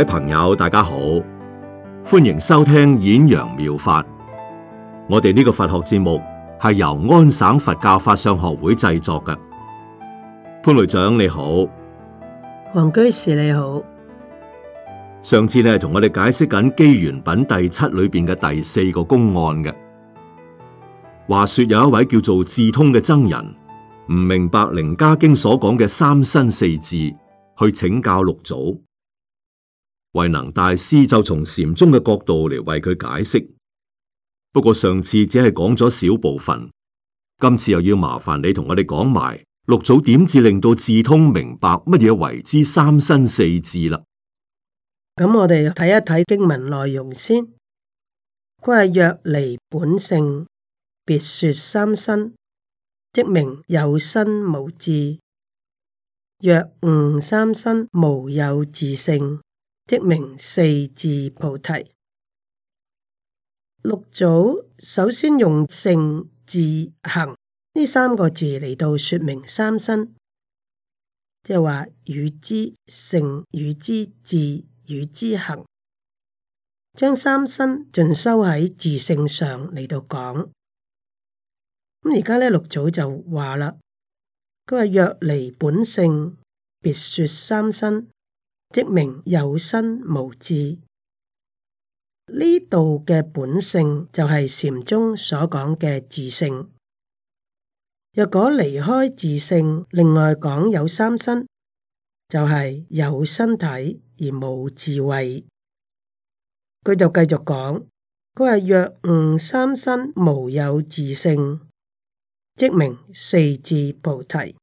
各位朋友，大家好，歡迎收聽演揚妙，妙法。我哋呢個佛學節目係由安省佛教法相學會製作嘅。潘雷長你好，黃居士你好。上次咧同我哋解釋緊《機緣品》第七裏邊嘅第四個公案嘅。話說有一位叫做智通嘅僧人，唔明白《楞伽經》所講嘅「三身四智」，去請教六祖。慧能大師就從禪宗嘅角度嚟為佢解釋，不過上次只係講咗小部分，今次又要麻煩你同我哋講埋六祖點至令到智通明白乜嘢為之三身四智啦。咁我哋睇一睇經文內容先。佢係，若離本性，別說三身，即名有身無智；若悟三身，無有自性，即名四智菩提。六祖首先用性智行呢三個字嚟到說明三身，即係話與之性與之智與之行，將三身盡收喺自性上嚟到講。咁而家咧六祖就話啦，佢話若離本性，別說三身。即名有身無智，呢度嘅本性就係禪宗所講嘅自性。若果離開自性，另外講有三身，就係、是、有身體而無智慧。佢就繼續講，佢話若悟三身無有自性，即名四智菩提。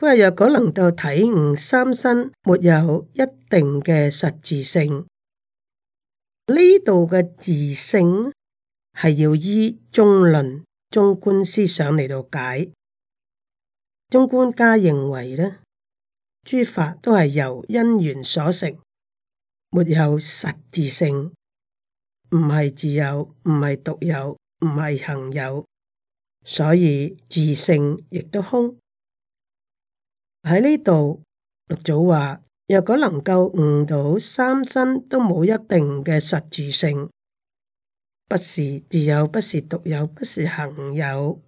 不過若果能夠體悟三身沒有一定嘅實質性，呢度嘅自性係要依中論中觀思想嚟到解。中觀家認為咧，諸法都係由因緣所成，沒有實質性，唔係自有，唔係獨有，唔係行有，所以自性亦都空。喺呢度，六祖話：若果能夠悟到三身都冇一定嘅實質性，不是自有，不是獨有，不是行有，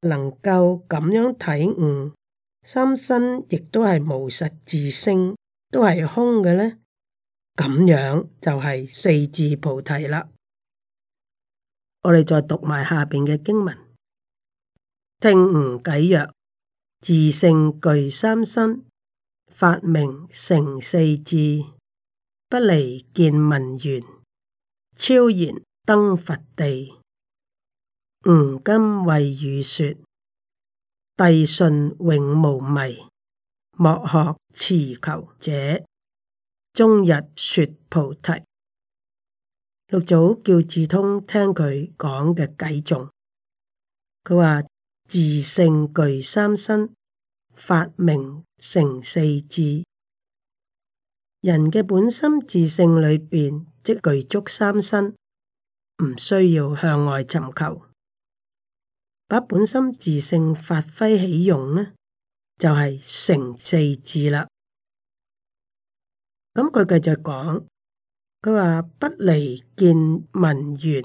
能夠咁樣體悟三身，亦都係無實質性，都係空嘅咧，咁樣就係四字菩提啦。我哋再讀埋下邊嘅經文，聽吾偈曰。自性具三身，法名成四智，不離見聞緣，超然登佛地。吾今為汝說，諦信永無迷，莫學遲求者，終日說菩提。六祖叫智通聽佢講嘅偈頌，佢話。自性具三身，發明成四智。人嘅本心自性裏邊即具足三身，唔需要向外尋求，把本心自性發揮起用呢就係、是、成四智啦。咁佢繼續講，佢話不離見聞緣，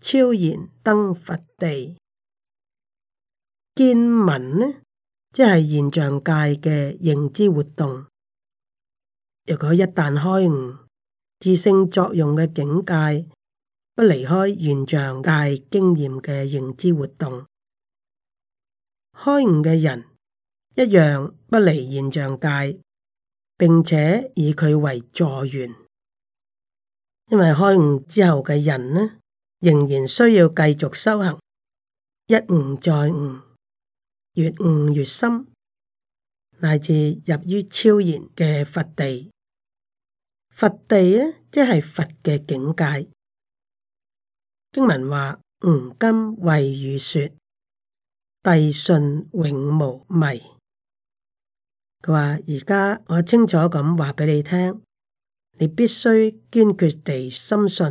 超然登佛地。天文呢，即係現象界嘅認知活動。若果一旦開悟，自性作用嘅境界不離開現象界經驗嘅認知活動，開悟嘅人一樣不離現象界，並且以佢為助緣。因為開悟之後嘅人呢，仍然需要繼續修行，一悟再悟。越悟越深，乃至入於超然嘅佛地。佛地呢，即係佛嘅境界。經文話：，吾今為汝說，諦信永無迷。佢話：，而家我清楚咁話俾你聽，你必須堅決地深信，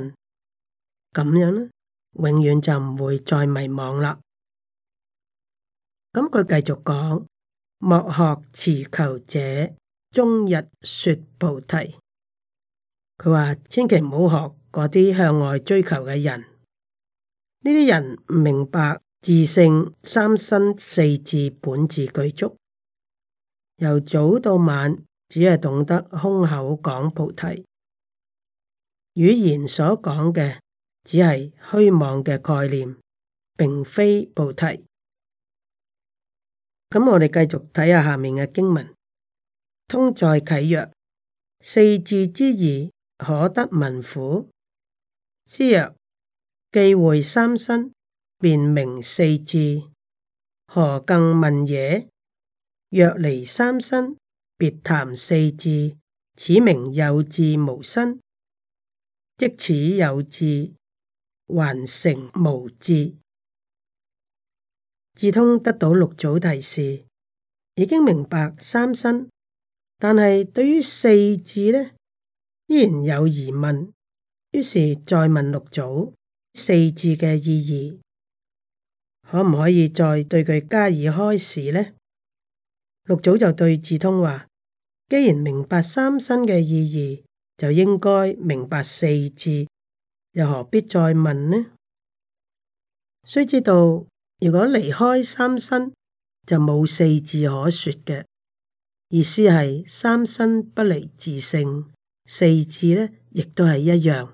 咁樣呢，永遠就唔會再迷惘啦。咁佢繼續講，莫學持求者，終日說菩提。佢話：，千祈唔好學嗰啲向外追求嘅人。呢啲人唔明白自性三身四智、本自具足，由早到晚只係懂得空口講菩提，語言所講嘅只係虛妄嘅概念，並非菩提。咁我哋繼續睇下下面嘅經文，通再啟曰，四智之義，可得聞乎？師曰：既會三身，便明四智，何更問也？若離三身，別談四智，此名有智無身；即此有智，還成無智。智通得到六祖提示，已經明白三身，但係對於四字呢，依然有疑問。於是再問六祖四字嘅意義，可唔可以再對佢加以開示呢？」六祖就對智通話：「既然明白三身嘅意義，就應該明白四字，又何必再問呢？須知道。如果離開三身，就冇四智可說嘅。意思係三身不離自性，四智呢亦都係一樣。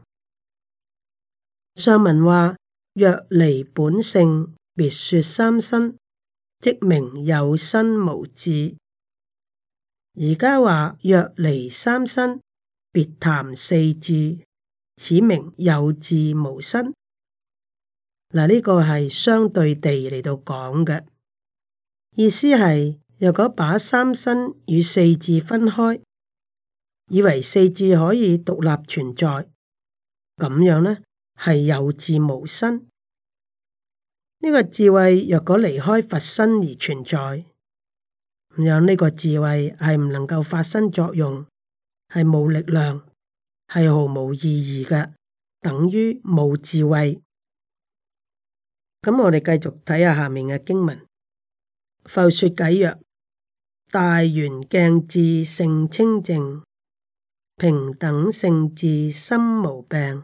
上文話若離本性，別說三身，即名有身無智；而家話若離三身，別談四智，此名有智無身。嗱，呢個係相對地嚟到講嘅，意思係若果把三身與四智分開，以為四智可以獨立存在，咁樣呢係有智無身。呢個智慧若果離開佛身而存在，咁樣呢個智慧係唔能夠發生作用，係冇力量，係毫無意義嘅，等於冇智慧。咁我哋繼續睇下下面嘅經文。佛說偈曰：大圓鏡智性清淨，平等性智心無病，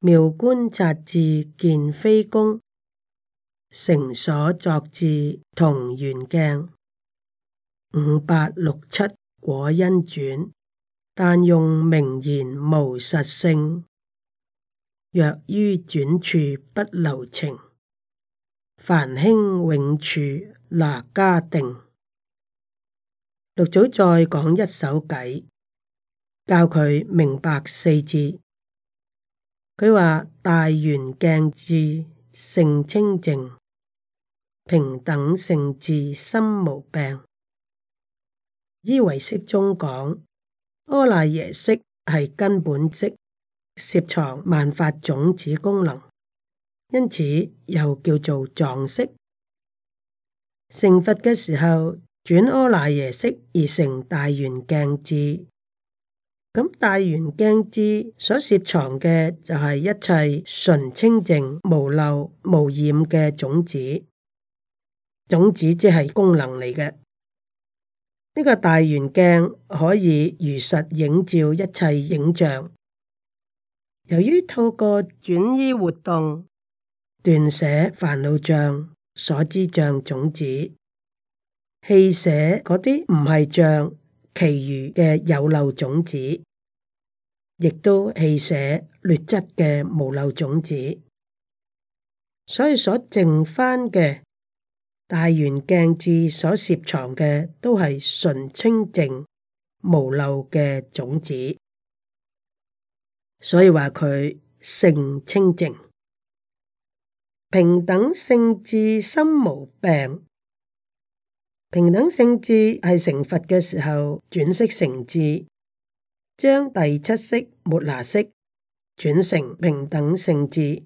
妙觀察智見非功，成所作智同圓鏡。五八六七果因轉，但用名言無實性。若於轉處不留情，繁興永處那家定。六祖再講一首偈，教佢明白四字。佢話，大圓鏡智性清淨，平等性智心無病。依唯識中講，阿賴耶識係根本識，攝藏萬法種子功能。因此又叫做藏識。成佛嘅時候，轉阿賴耶識而成大圓鏡智。咁大圓鏡智所攝藏嘅就係一切純清淨、無漏、無染嘅種子。種子即係功能嚟嘅。呢、這個大圓鏡可以如實映照一切影像。由於透過轉依活動，斷捨煩惱障所知障種子，棄捨嗰啲唔係障，其餘嘅有漏種子，亦都棄捨劣質嘅無漏種子。所以所剩翻嘅大圓鏡智所攝藏嘅，都係純清淨無漏嘅種子。所以話佢性清淨。平等性智心無病，平等性智係成佛嘅時候轉識成智，將第七識末那識轉成平等性智，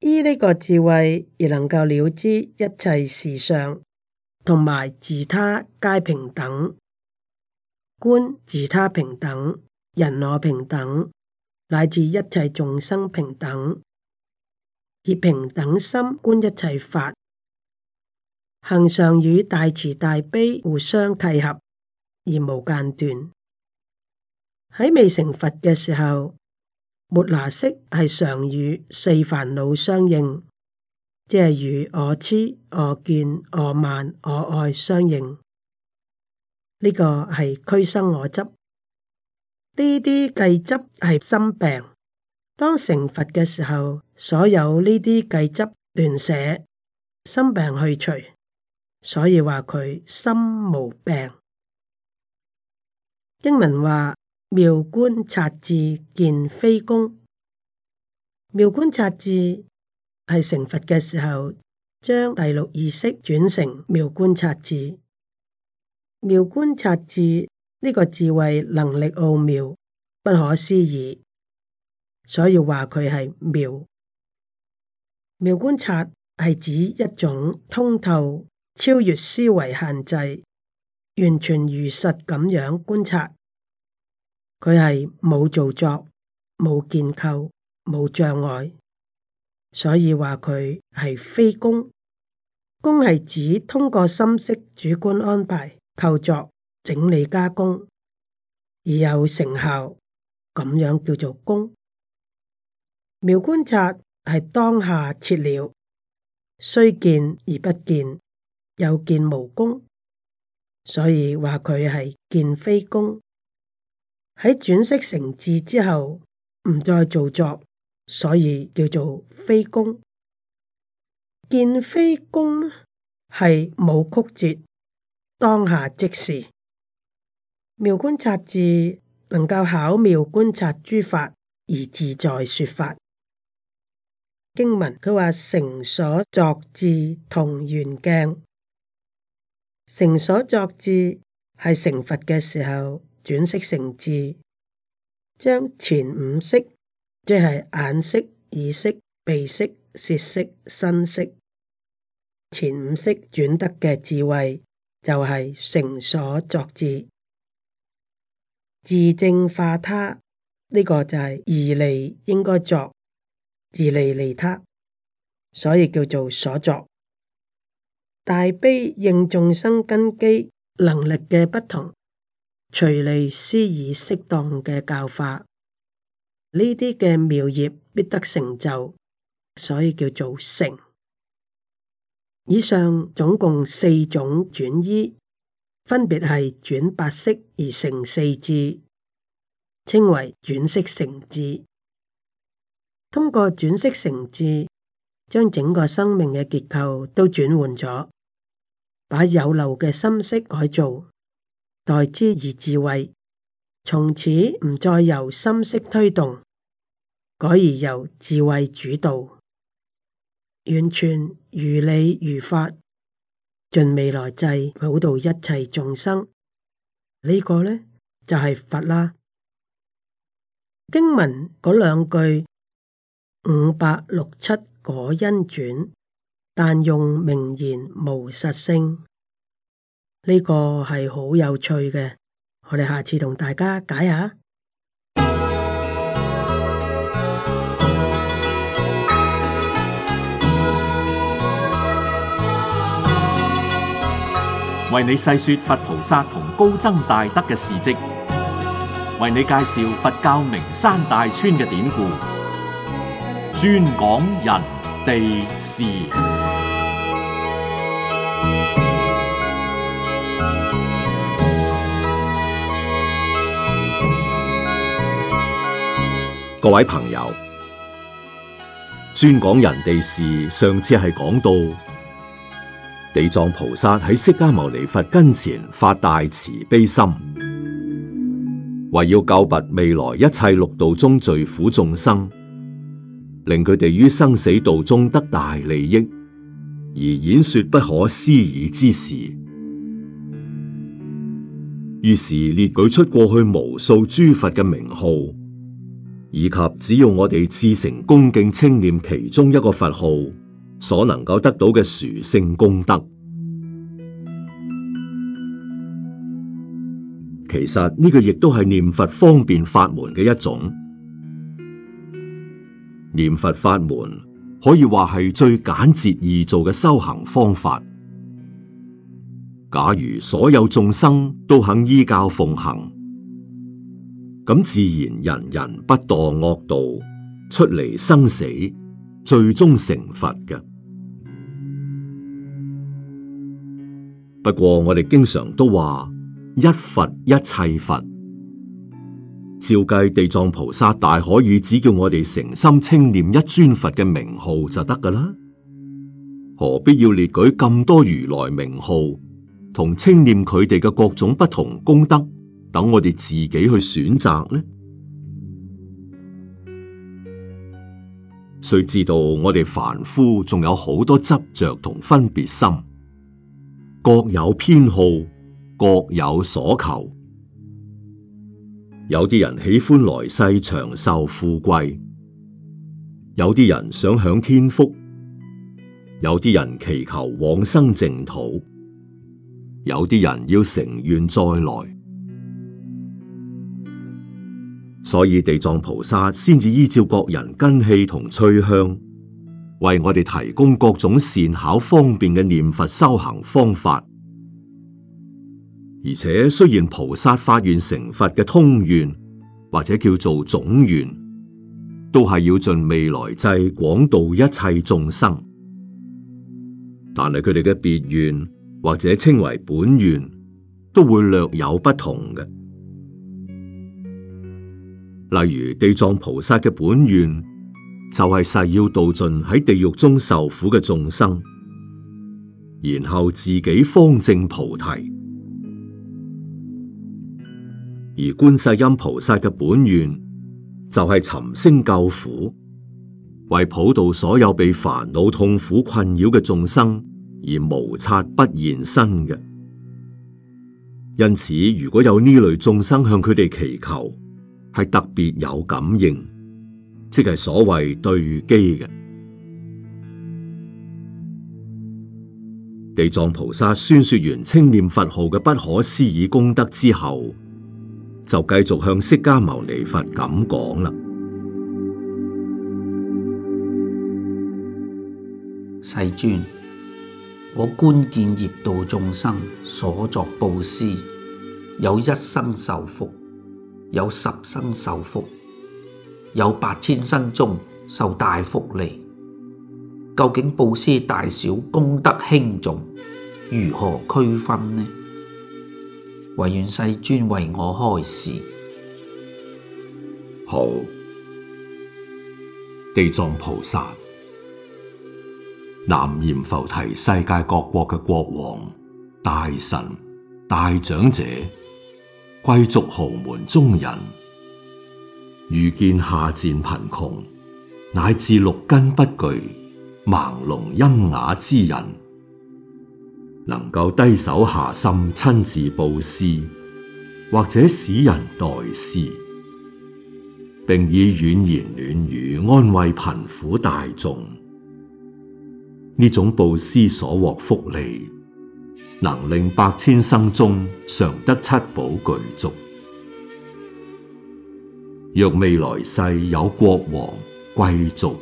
依呢個智慧而能夠了知一切事上同埋自他皆平等，觀自他平等，人我平等，乃至一切眾生平等。以平等心觀一切法，恒常與大慈大悲互相契合而無間斷。喺未成佛嘅時候，末那識係常與四煩惱相應，即係與我癡、我見、我慢、我愛相應。呢個係俱生我執，呢啲計執係心病。當成佛嘅時候，所有呢啲計執斷捨，心病去除，所以話佢心無病。英文話妙觀察智見非功。妙觀察智係成佛嘅時候，將第六意識轉成妙觀察智。妙觀察智呢個智慧能力奧妙不可思議。所以話佢係妙妙觀察，係指一種通透、超越思維限制、完全如實咁樣觀察。佢係冇造作、冇建構、冇障礙，所以話佢係非功。功係指通過心識主觀安排、構作、整理、加工，而有成效，咁樣叫做功。妙觀察係當下切了，雖見而不見，又見無功，所以話佢係見非功。喺轉識成智之後，唔再造作，所以叫做非功。見非功係冇曲折，當下即時。妙觀察智能夠巧妙觀察諸法而自在說法。經文，佢話，成所作智同圓鏡。成所作智係成佛嘅時候轉色成智，將前五色即係眼色、耳色、鼻色、舌色、色、身色，前五色轉得嘅智慧就係、是、成所作智。自證化他呢，這個就係二利應該作。自利利他，所以叫做所作。大悲應眾生根基能力嘅不同，隨利施以適當嘅教化，呢啲嘅妙業必得成就，所以叫做成。以上總共四種轉依，分別係轉八識而成四智，稱為轉識成智。通過轉識成智，將整個生命嘅結構都轉換咗，把有漏嘅心識改造，代之以智慧，從此唔再由心識推動，改而由智慧主導，完全如理如法，盡未來際普度一切眾生。呢個呢，就係佛啦。經文嗰兩句。五百六七果因轉，但用名言無實性，呢、這個係好有趣嘅。我哋下次同大家解下，為你細說佛菩薩同高僧大德嘅事跡，為你介紹佛教名山大川嘅典故。專講人地事， 各位朋友，專講人地事。上次係講到地藏菩薩喺釋迦牟尼佛跟前發大慈悲心，為要救拔未來一切六道中罪苦眾生。令佢哋於生死道中得大利益，而演說不可思議之事。於是列舉出過去無數諸佛嘅名號，以及只要我哋至誠恭敬稱念其中一個佛號，所能夠得到嘅殊勝功德。其實呢個亦都係念佛方便法門嘅一種。念佛法門可以話係最簡潔易做嘅修行方法。假如所有眾生都肯依教奉行，咁自然人人不墮惡道，出嚟生死，最終成佛嘅。不過我哋經常都話，一佛一切佛。照計地藏菩薩大可以只叫我哋誠心稱念一尊佛嘅名號就得噶啦，何必要列舉咁多如來名號同稱念佢哋嘅各種不同功德，等我哋自己去選擇呢？須知道我哋凡夫仲有好多執着同分別心，各有偏好，各有所求。有啲人喜歡來世長壽富貴，有啲人想享天福，有啲人祈求往生淨土，有啲人要乘願再來，所以地藏菩薩先至依照各人根器同趨向，為我哋提供各種善巧方便嘅念佛修行方法。而且雖然菩薩發願成佛嘅通願或者叫做總願，都係要盡未來際廣度一切眾生，但係佢哋嘅別願或者稱為本願，都會略有不同嘅。例如地藏菩薩嘅本願就係、是、誓要度盡喺地獄中受苦嘅眾生，然後自己方證菩提。而觀世音菩薩嘅本願就係尋聲救苦，為普渡所有被煩惱痛苦困擾嘅眾生而無剎不現身嘅。因此，如果有呢類眾生向佢哋祈求，係特別有感應，即係所謂對機嘅。地藏菩薩宣說完青念佛號嘅不可思議功德之後。就繼續向釋迦牟尼佛咁講啦，世尊，我觀見業道眾生所作布施，有一生受福，有十生受福，有八千生中受大福利。究竟布施大小、功德輕重，如何區分呢？唯願世尊為我開示。好，地藏菩薩，南閻浮提世界各國嘅國王、大臣、大長者、貴族豪門中人，遇見下賤貧窮，乃至六根不具、盲聾喑啞之人。能夠低首下心親自布施，或者使人代施，並以軟言暖語安慰貧苦大眾，呢種布施所獲福利，能令百千生中常得七寶具足。若未來世有國王貴族，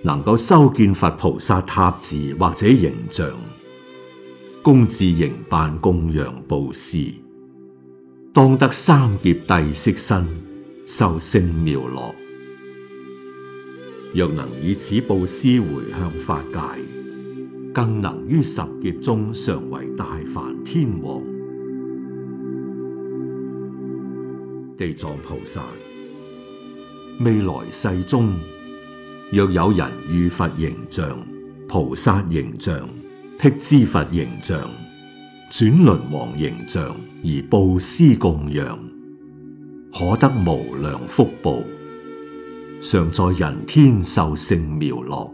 能夠修建佛菩薩塔寺或者形象。公自營辦供養布施，當得三劫帝釋身，受勝妙樂。若能以此布施回向法界，更能於十劫中常為大梵天王。地藏菩薩，未來世中，若有人遇佛形象、菩薩形象，辟支佛形象，轉輪王形象而布施供養，可得無量福報，常在人天受勝妙樂。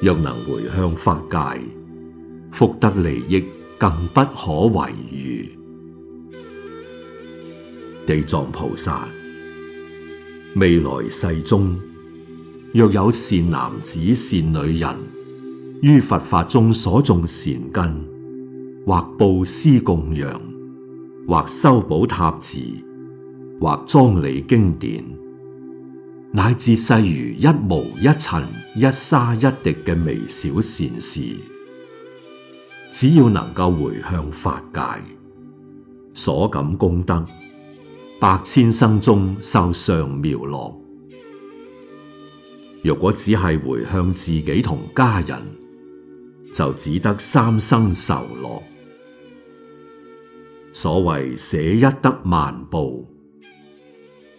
若能回向法界，福德利益更不可為喻。地藏菩薩，未來世中，若有善男子善女人，於佛法中所種善根，或布施供養，或修補塔寺，或裝理經典，乃至細如一毛一塵一沙一滴嘅微小善事，只要能夠回向法界，所感功德，百千生中受上妙樂。若果只係回向自己同家人。就只得三生受樂。所謂捨一得萬報，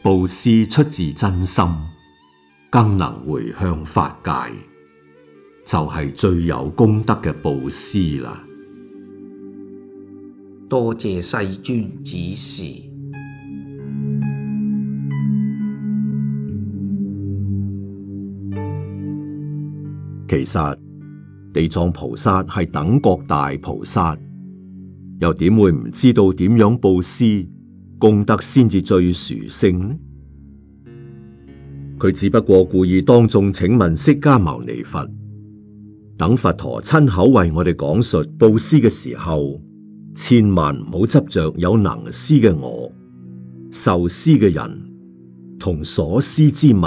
布施出自真心，更能回向法界，就係、是、最有功德嘅布施啦。多謝世尊指示。其實。地藏菩薩係等覺大菩薩，又點會唔知道點樣布施，功德先至最殊勝呢？佢只不過故意當眾請問釋迦牟尼佛，等佛陀親口為我哋講述布施嘅時候，千萬唔好執着有能施嘅我、受施嘅人、同所施之物。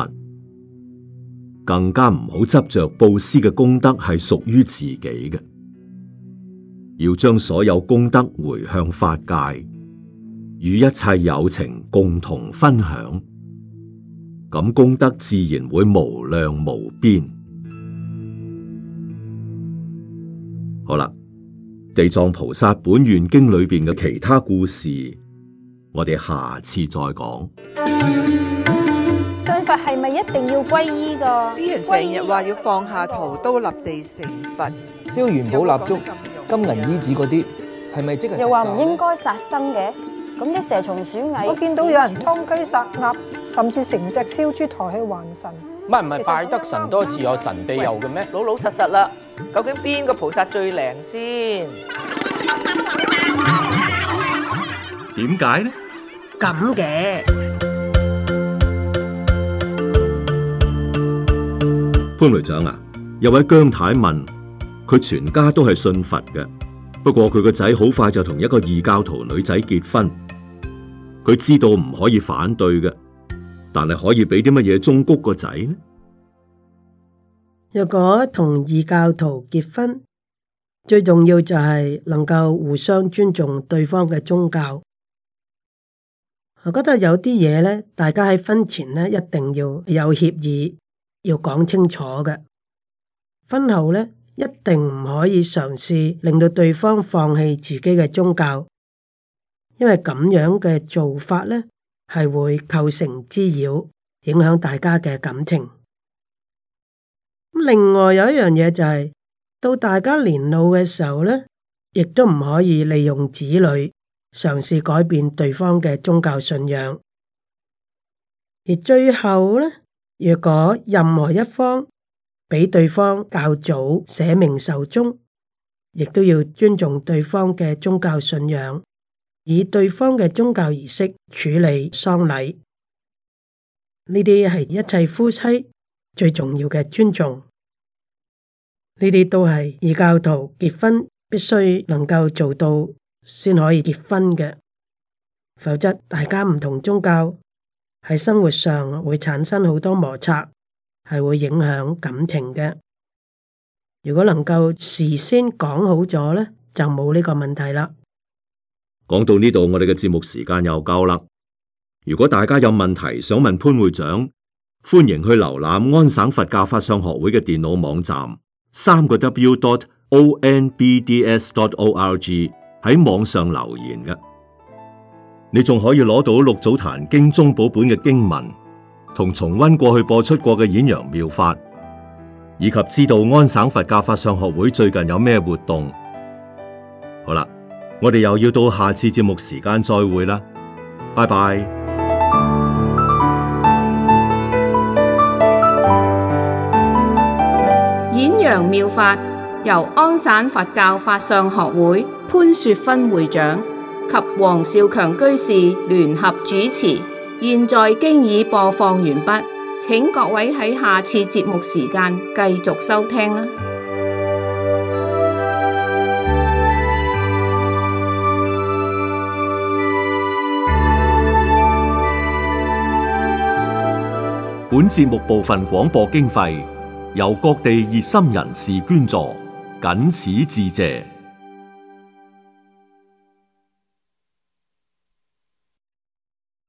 更加唔好執着布施嘅功德係屬於自己嘅，要將所有功德回向法界，與一切有情共同分享，咁功德自然會無量無邊。好啦，地藏菩薩本願經裏邊嘅其他故事，我哋下次再講。 係咪一定要皈依噶？啲人成日話要放下屠刀立地成佛，燒元寶蠟燭、金銀衣紙嗰啲，係咪即係？又話唔應該殺生嘅，咁啲蛇蟲鼠蟻，我見到有人劏雞殺鴨，甚至成隻燒豬抬去還神。唔係唔係，拜得神多自有神庇佑嘅咩？老老實實啦，究竟邊個菩薩最靈先？點解呢？咁嘅。潘女長啊，有位姜太問，佢全家都係信佛嘅，不過佢個仔好快就同一個異教徒女仔結婚，佢知道唔可以反對嘅，但係可以俾啲乜嘢忠告個仔呢？若果同異教徒結婚，最重要就係能夠互相尊重對方嘅宗教。我覺得有啲嘢咧，大家喺婚前咧一定要有協議。要講清楚嘅，婚後呢，一定唔可以嘗試令到對方放棄自己嘅宗教，因為咁樣嘅做法呢係會構成滋擾，影響大家嘅感情。另外有一樣嘢就係，到大家年老嘅時候呢，亦都唔可以利用子女嘗試改變對方嘅宗教信仰。而最後呢。若果任何一方比對方較早寫明壽終，亦都要尊重對方嘅宗教信仰，以對方嘅宗教儀式處理喪禮。呢啲係一切夫妻最重要嘅尊重。呢啲都係異教徒結婚必須能夠做到先可以結婚嘅，否則大家唔同宗教。喺生活上會產生好多摩擦，係會影響感情嘅。如果能夠事先講好咗咧，就冇呢個問題啦。講到呢度，我哋嘅節目時間又夠啦。如果大家有問題想問潘會長，歡迎去瀏覽安省佛教法相學會嘅電腦網站，三個 W dot O N B D S dot O R G 喺網上留言嘅。你仲可以攞到《六祖壇經》中寶本嘅經文，同重温過去播出過嘅《演揚妙法》，以及知道安省佛教法相學會最近有咩活動。好啦，我哋又要到下次節目時間再會啦，拜拜。《演揚妙法》由安省佛教法相學會潘雪芬會長。及黃少強居士聯合主持，現在經已播放完畢，請各位喺下次節目時間繼續收聽啦。本節目部分廣播經費由各地熱心人士捐助，謹此致謝。